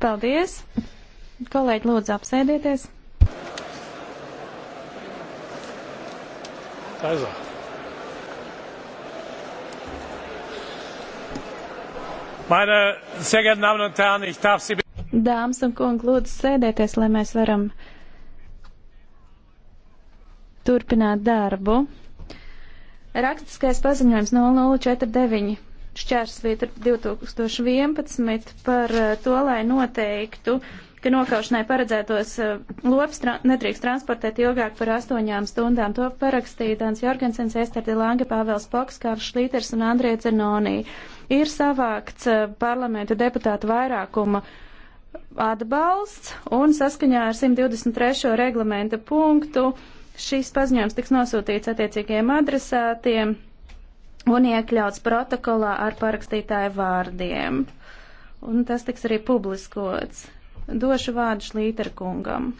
Paldies! Kolēģi, lūdzu, apsēdieties! Also. Er. Meine sehr geehrten Damen und Herren, ich darf Sie bitten. Dāmas un kungi, lūdzu, sēdieties, lai mēs varam turpināt darbu. Rakstiskais paziņojums 0049 šķērsvieta 2011 par eh, to, lai noteiktu, ka nokaušanai paredzētos eh, lops tra nedrīkst transportēt ilgāk par astoņām stundām. To parakstīja Dans Jorgensens, Esterdi Lange, Pāvels Poks, Kārs Šlīters un Andrie Zenonī. Ir savākts eh, parlamentu deputātu vairākuma atbalsts un saskaņā ar 123. reglamenta punktu šīs paziņojums tiks nosūtīts attiecīgajiem adresātiem un iekļauts protokolā ar parakstītāju vārdiem. Un tas tiks arī publiskots. Došu vārdu Šlīterkungam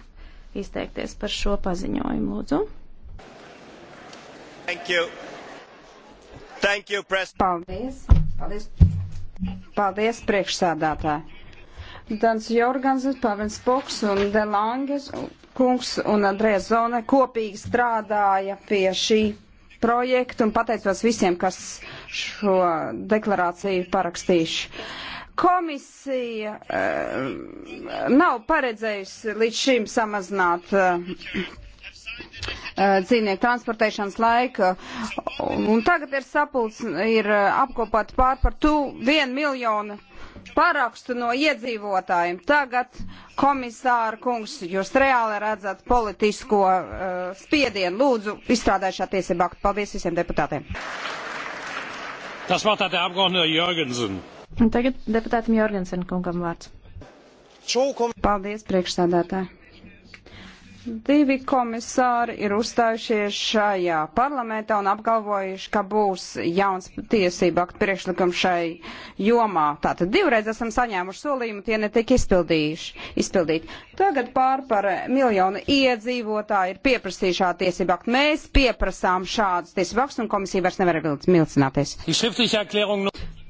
izteikties par šo paziņojumu, lūdzu. Thank you. Thank you, press. Paldies. Paldies. Paldies, priekšsādātāji. Dans Jorgans, Pavins Poks un Delanges kungs un Andrēs Zone kopīgi strādāja pie šī projektu un pateicos visiem, kas šo deklarāciju parakstījuši. Komisija uh, nav paredzējusi līdz šim samazināt uh, Uh, dzīvnieku transportēšanas laika. Un tagad ir sapulc, ir uh, apkopot pār par tu vienu miljonu parakstu no iedzīvotājiem. Tagad, komisāra kungs, jūs reāli redzat politisko uh, spiedienu. Lūdzu, izstrādājušā tiesību aktu. Paldies visiem deputātiem. Tas vārds tātad apgaunē Jorgensen. Tagad deputātam Jorgensen kungam vārds. Paldies, priekšsādātāji. Divi komisāri ir uzstājušies šajā parlamentā un apgalvojuši, ka būs jauns tiesību aktu priekšlikums šai jomā. Tātad divreiz esam saņēmuši solījumu, tie netika izpildīti. Tagad pār par miljonu iedzīvotāju ir pieprasījušā tiesību aktu. Mēs pieprasām šādus tiesību aktus un komisija vairs nevar vilcināties.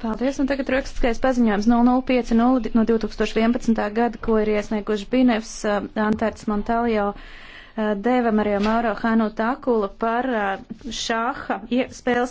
Paldies, un tagad rakstiskais paziņojums 0050 no 2011. gada, ko ir iesnieguši Binevs, eh, Antārts Montaljo, eh, Deva Marija Mauro Hanu Takula par eh, šāha spēles